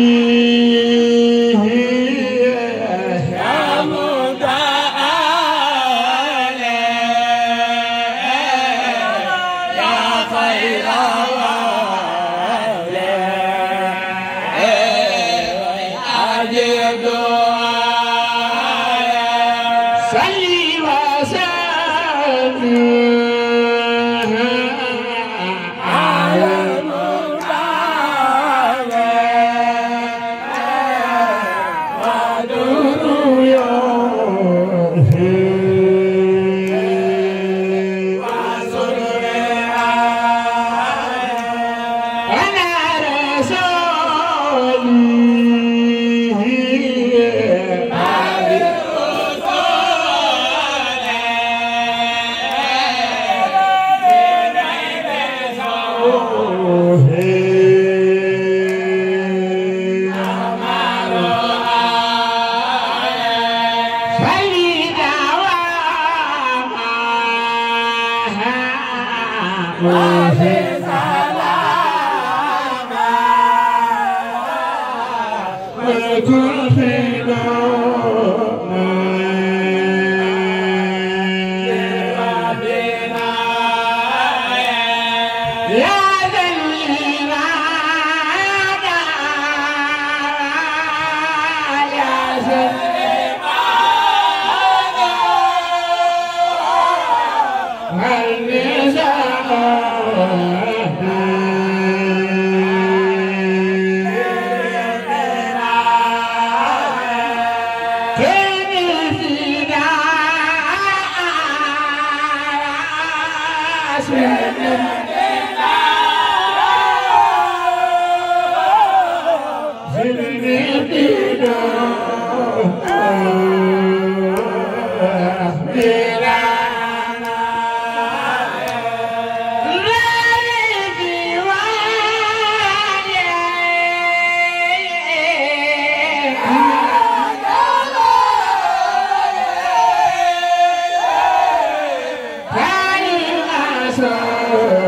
Salli wa Yes, time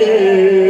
day.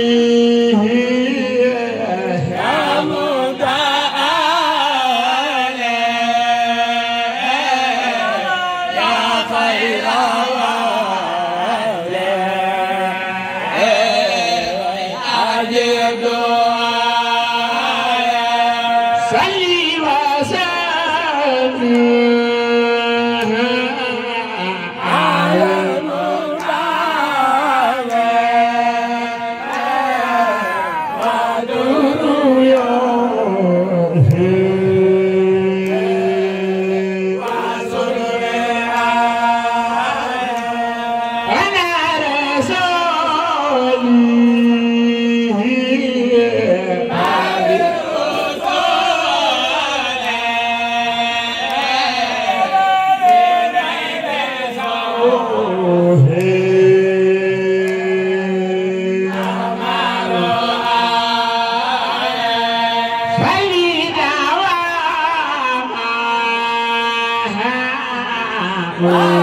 Wow.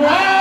and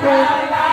Thank you.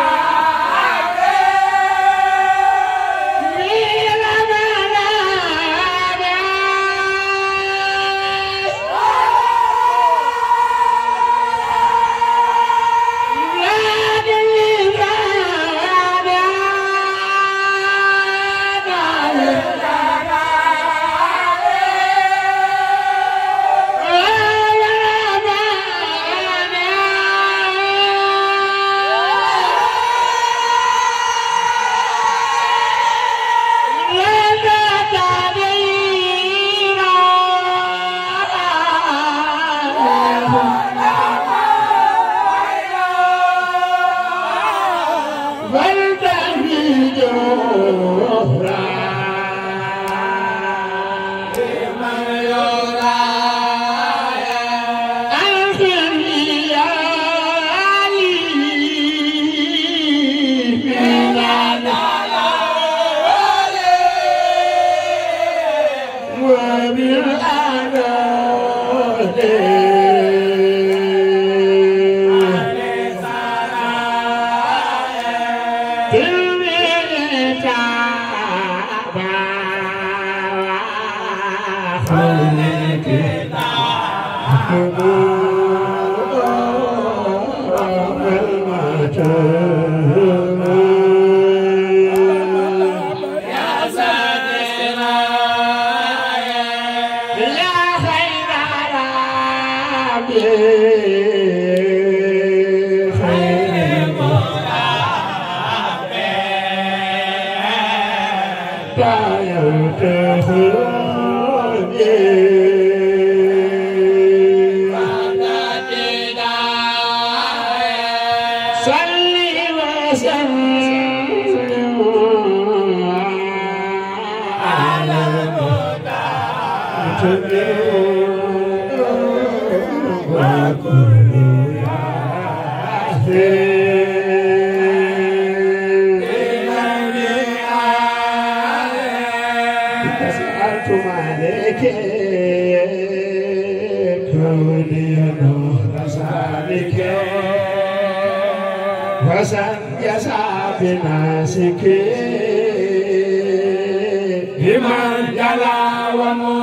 liman jala wa mu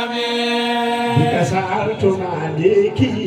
amee.